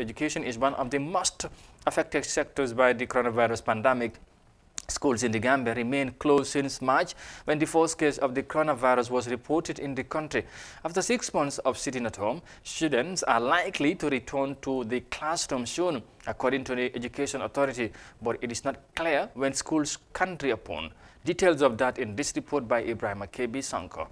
Education is one of the most affected sectors by the coronavirus pandemic. Schools in the Gambia remain closed since March when the first case of the coronavirus was reported in the country. After six months of sitting at home, students are likely to return to the classroom soon, according to the Education Authority, but it is not clear when schools can reopen. Details of that in this report by Ibrahim Akebi Sanko.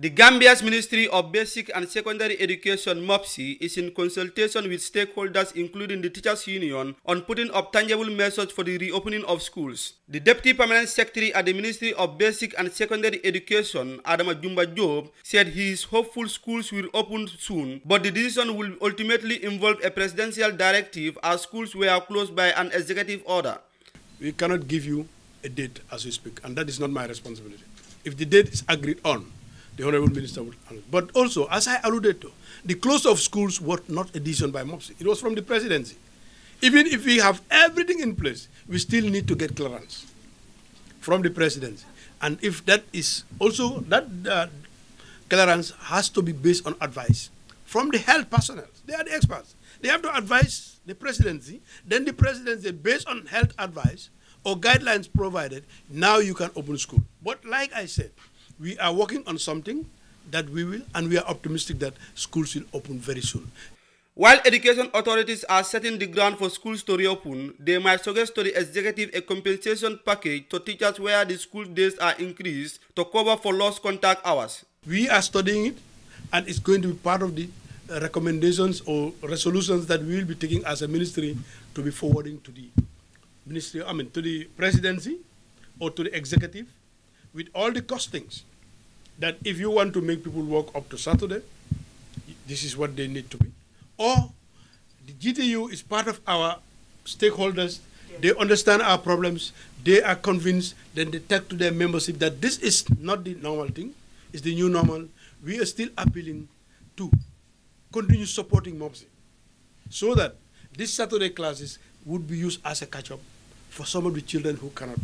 The Gambia's Ministry of Basic and Secondary Education MOPSI is in consultation with stakeholders including the Teachers Union on putting up tangible measures for the reopening of schools. The Deputy Permanent Secretary at the Ministry of Basic and Secondary Education, Adama Jumba Job, said he is hopeful schools will open soon, but the decision will ultimately involve a presidential directive as schools were closed by an executive order. We cannot give you a date as we speak, and that is not my responsibility. If the date is agreed on, the Honorable Minister would handle. But also, as I alluded to, the close of schools was not a decision by MOPSI. It was from the presidency. Even if we have everything in place, we still need to get clearance from the presidency. And if that is also, that uh, clearance has to be based on advice from the health personnel. They are the experts. They have to advise the presidency. Then the presidency, based on health advice or guidelines provided, now you can open school. But like I said, we are working on something that we will, and we are optimistic that schools will open very soon. While education authorities are setting the ground for schools to reopen, they might suggest to the executive a compensation package to teachers where the school days are increased to cover for lost contact hours. We are studying it, and it's going to be part of the uh, recommendations or resolutions that we will be taking as a ministry to be forwarding to the ministry, I mean, to the presidency or to the executive with all the costings that if you want to make people work up to Saturday, this is what they need to be. Or the GTU is part of our stakeholders. Yes. They understand our problems. They are convinced. Then they take to their membership that this is not the normal thing. It's the new normal. We are still appealing to continue supporting MOPSI so that these Saturday classes would be used as a catch-up for some of the children who cannot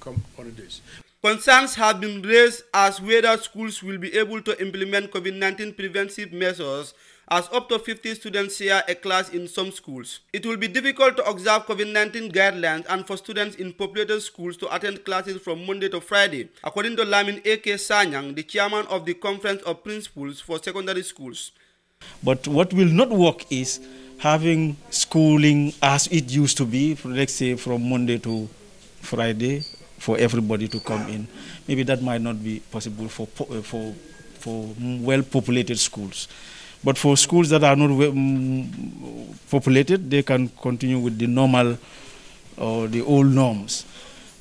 come on days. Concerns have been raised as whether schools will be able to implement COVID-19 preventive measures as up to 50 students share a class in some schools. It will be difficult to observe COVID-19 guidelines and for students in populated schools to attend classes from Monday to Friday, according to Lamin A.K. Sanyang, the chairman of the Conference of Principals for Secondary Schools. But what will not work is having schooling as it used to be, let's say from Monday to Friday for everybody to come in. Maybe that might not be possible for, uh, for, for mm, well-populated schools. But for schools that are not well mm, populated, they can continue with the normal or the old norms.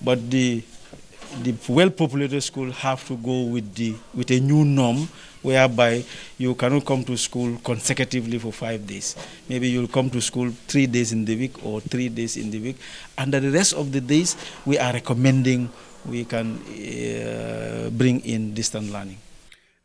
But the the well-populated school have to go with the with a new norm whereby you cannot come to school consecutively for five days. Maybe you'll come to school three days in the week or three days in the week. Under the rest of the days, we are recommending we can uh, bring in distant learning.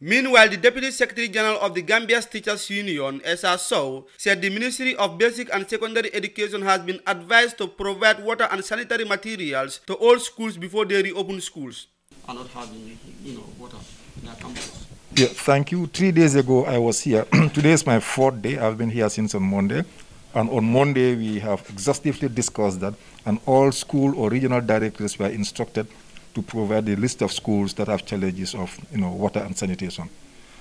Meanwhile, the Deputy Secretary General of the Gambia's Teachers Union, SSO, said the Ministry of Basic and Secondary Education has been advised to provide water and sanitary materials to all schools before they reopen schools. And not having, you know, water in campus. Yeah, thank you. Three days ago, I was here. Today is my fourth day. I've been here since on Monday. And on Monday, we have exhaustively discussed that, and all school or regional directors were instructed to provide a list of schools that have challenges of you know, water and sanitation.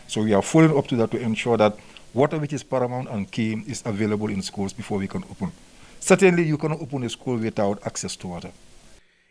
So we are following up to that to ensure that water, which is paramount and key, is available in schools before we can open. Certainly, you cannot open a school without access to water.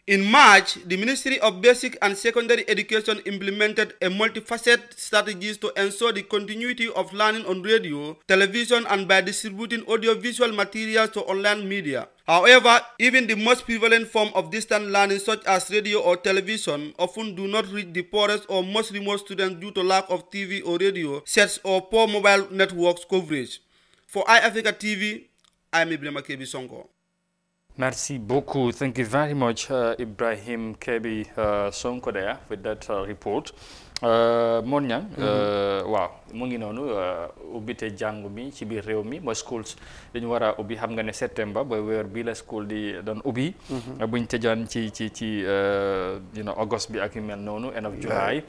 In March, the Ministry of Basic and Secondary Education implemented a multifaceted strategy to ensure the continuity of learning on radio, television, and by distributing audiovisual materials to online media. However, even the most prevalent form of distant learning such as radio or television often do not reach the poorest or most remote students due to lack of TV or radio sets or poor mobile networks coverage. For iAfrica TV, I'm Ibrahim Kebi Songo. Merci beaucoup. Thank you very much, uh, Ibrahim Kebi uh, Sonko there with that uh, report. Uh, Mon uh, mm-hmm. waaw mu ngi noonu ubbite jàng mi ci biir réew mi mooy schools dañu war a ubbi xam nga ne septembre ba weer bi la school di doon ubbi mm-hmm. buñ tëjaan ci ci ci you know August bi ak yu mel noonu end July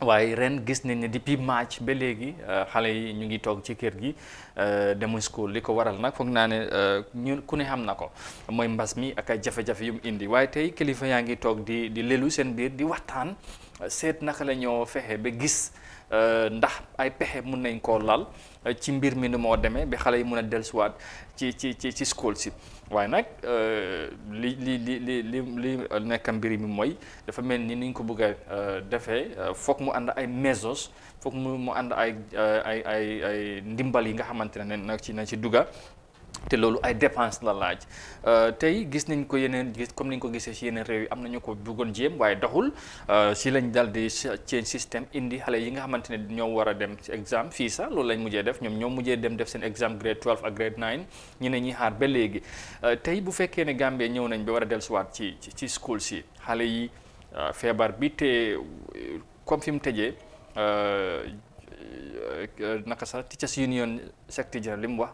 waaye ren gis nañ ne depuis match ba léegi euh, xale yi ñu ngi toog ci kër gi euh, demuñ school li ko waral nag foog naa ne euh, ñu ku ne xam na ko mooy mbas mi ak ay jafe-jafe yu indi waaye tey kilifa yaa ngi toog di di lelu seen biir di waxtaan seet naka la ñoo fexe ba gis euh, ndax ay pexe mun nañ koo lal euh, ci mbir mi nu moo demee ba xale yi mun a dellusiwaat ci ci ci ci school si waaye nag euh, li li li li li li mbir mi mooy dafa mel ni ni ñu ko bëgg a defee foog mu ànd ay mesos foog mu mu ànd ay ay ay ay ndimbal yi nga xamante ne nag ci nañ ci dugga te loolu ay dépense la laaj euh, tey gis nañ ko yeneen gis comme ni ñu ko gisee si yeneen réew yi am nañu ko bëggoon jéem waaye doxul si euh, lañ dal di change système indi xale yi nga xamante ne ñoo war a dem si exam fii sax loolu lañ mujjee def ñoom ñoo mujjee dem def seen exam grade 12 ak grade 9 ñu ne ñuy xaar ba léegi euh, tey bu fekkee ne Gambie ñëw nañ bi war a dellusiwaat ci ci school si xale yi feebar bi te comme fi mu tëjee naka sax teachers union secteur li mu wax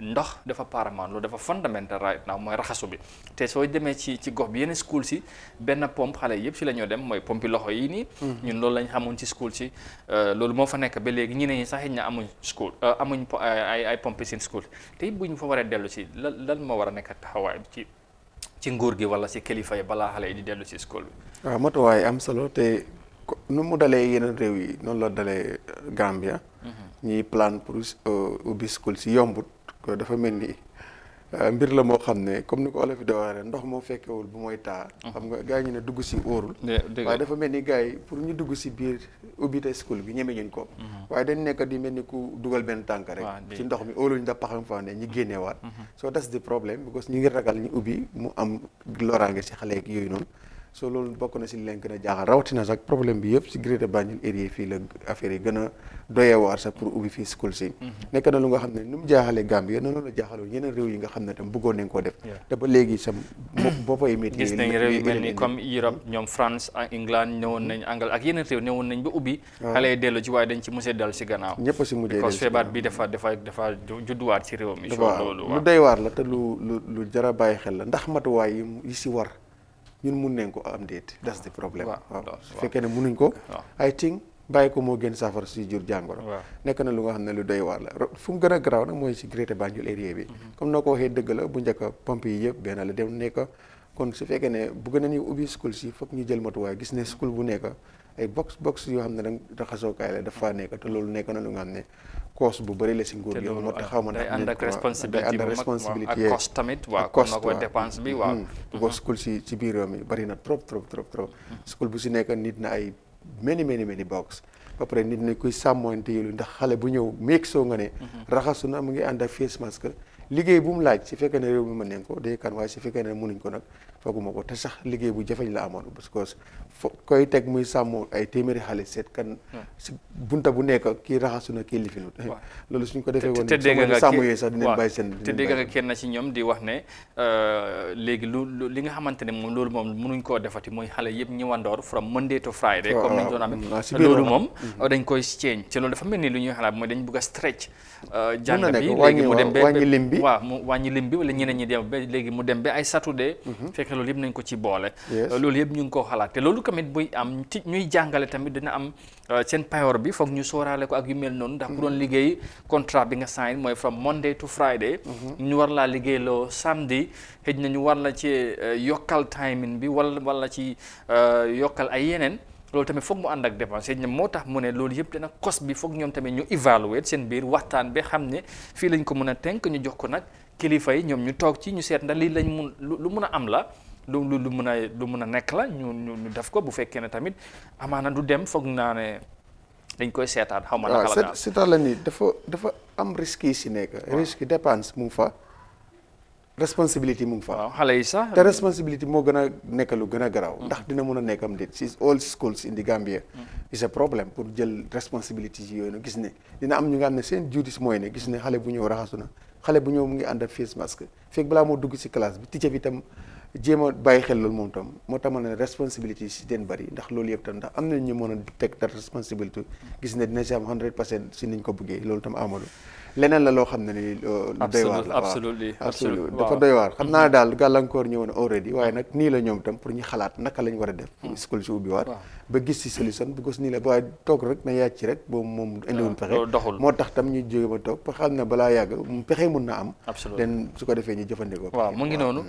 ndox dafa paramount loolu dafa fondamental right now mooy raxasu bi te soo demee ci ci gox bi yenn school si benn pompe xale yëpp si la ñoo dem mooy pompi loxo yi nii mhm. ñun loolu lañ xamoon ci school si euh, loolu moo fa nekk ba léegi ñeneen ñi sax xëy na amuñ school euh, amuñ ay ay pompe seen school te ñu fa waree dellu si lan lan moo war a nekk taxawaay ci ci nguur gi wala si kilifa yi balaa xale yi di dellu si school bi ah, nu mu dalee yeneen réew yi noonu la dalee Gambia. Mm-hmm. ñiy plan pour euh, ubbi school si yombut dafa mel ni euh, mbir la moo xam ne comme ni ko olof di waxee ndox moo fekkewul bu mooy taa. Mm-hmm. xam nga gars yi ñu ne dugg si óorul. waaye dafa mel ni gars pour ñu dugg si biir ubbite school bi ñeme ñuñ ko. Mm-hmm. waaye dañ nekk di mel ni ku dugal benn tànk rek. ci ndox mi óoluñ da paxam fa ne ñi génneewaat. soo das di problème because ñu ngi ragal ñu ubbi mu am loraange si so loolu bokk na si leen gën jaaxal rawatina sax problème bi yëpp si Greater Banjul area fii la affaire yi gën a doyee waar sax pour ubbi fii school si mhm. nekk na lu nga xam ne nu mu jaaxalee Gambie noonu la jaaxaloon yeneen réew yi nga xam ne tam bëggoon nañ koo def te ba léegi sam boppa yi métti gis nañ réew yu woon nañ Angle ak yeneen réew ñëwoon nañ ba ubbi xale yi dellu ci waaye dañ ci mujjee dal si gannaaw ñëpp si mujjee parce que feebar bi dafa dafa dafa judduwaat ci réew mi loolu lu doy waar la te lu lu lu jara bàyyi xel la ndax matuwaay yi si war ñun mun nañ ko am déet that's the problem waaw su fekkee ne munuñ ko I think bàyyi ko moo gën saafara si jur jàngoro nekk na lu nga xam ne lu doy waar la fu mu gën a garaaw mooy si Greater Banjul area bi mm-hmm. comme noo ko waxee dëgg la bu njëkk pompe yi yëpp benn la dem nekk kon su fekkee ne bëgg nañu ubbi school si foog ñu jël matuwaay gis ne school bu nekk ay box box yoo xam ne danga raxasookaay la dafa nekk te loolu nekk na lu nga xam ne cost bu bëri la si nguur gi moo hmm. school si si mi bëri na trop trop trop trop hmm. school bu si nekk nit na ay many many many box ba pare nit na kuy sàmmoonte yolu ndax xale bu ñëw meeg soo nga ne hmm. raxasu na mu ngi ànd ak face masque liggéey bu mu laaj si fekkee ne réew mi mën nañ ko day kan waaye si fekkee ne mënuñ ko nag fooguma ko te sax liggéey bu jafeñ la amoon parce que fo koy teg muy sàmm ay téeméeri xale seet kan. Hmm. si bunta bu nekk kii raxasu na kii lifinu loolu suñ ko defee woon. te doon amee euh, loolu moom. Mm-hmm. dañ koy change te loolu dafa mel ni lu ñuy xalaat mooy dañ bëgg a stretch. Euh, jàng bi léegi mu dem bi waaw mu wàññi lim bi wala ñeneen ñi dem ba léegi mu dem ba ay saturday mm-hmm. loolu yëpp nañ ko ci boole loolu yëpp ñu ngi koo xalaat te loolu tamit buy am ci ñuy jàngale tamit dina am euh, seen payoor bi foog ñu sóoraale ko ak yu mel noonu ndax ku doon mm-hmm. liggéey contrat bi nga sign mooy from Monday to Friday mm-hmm. ñu war laa liggéey loo samedi xëj na ñu war la ci euh, yokkal timing bi wala wala ci euh, yokkal ay yeneen loolu tamit foog mu ànd ak dépense moo tax mu ne loolu yëpp dana cost bi foog ñoom tamit ñu évaluer seen biir waxtaan bi xam ne fii lañ ko mën a tenk ñu jox ko nag kilifa yi ñoom ñu toog ci ñu seet ndax lii lañ mun lu mun a am la lu lu lu mën a lu mën a nekk la ñu ñu def ko bu fekkee ne tamit amaana du dem foog naa ne dañ koy seetaan xaw ma naka la daal la nii dafa dafa am risque yi si nekk risque dépense mu fa responsibility mu ngi fa xale yi sax te responsibility moo gën a lu gën a garaaw mm. ndax dina mën a nekk am déet si all schools in the Gambia mm. is a problem pour jël responsibility yi yooyu gis ne dina am ñu nga xam ne seen duties mooy ne gis ne xale bu ñëw raxasu na bu ñëw mu ngi ànd face mask fekk balaa moo dugg si classe bi teacher bi tam jéem bàyyi xel loolu moom tam moo tax ma ne responsabilité yi si den bëri ndax loolu yëpp tam ndax am na ñu mën a teg gis ne dina si am 100 pour cent ko bëggee tam Amadou leneen la loo xam ne ni euh, doy waar la absolu dafa doy waar xam naa mm-hmm. daal gàllankoor ñëwoon already waaye nag nii la ñoom tam pour ñu xalaat naka lañ war a def mm-hmm. school si ubbi waat ba gis si solution bu gis nii la waaye toog rek na yàcc rek boobu moom indiwuñ pexe moo tax tam ñu jóge toog parce que ne balaa yàgg pexe mun na am den su ko defee ñu jëfandikoo waaw mu ngi noonu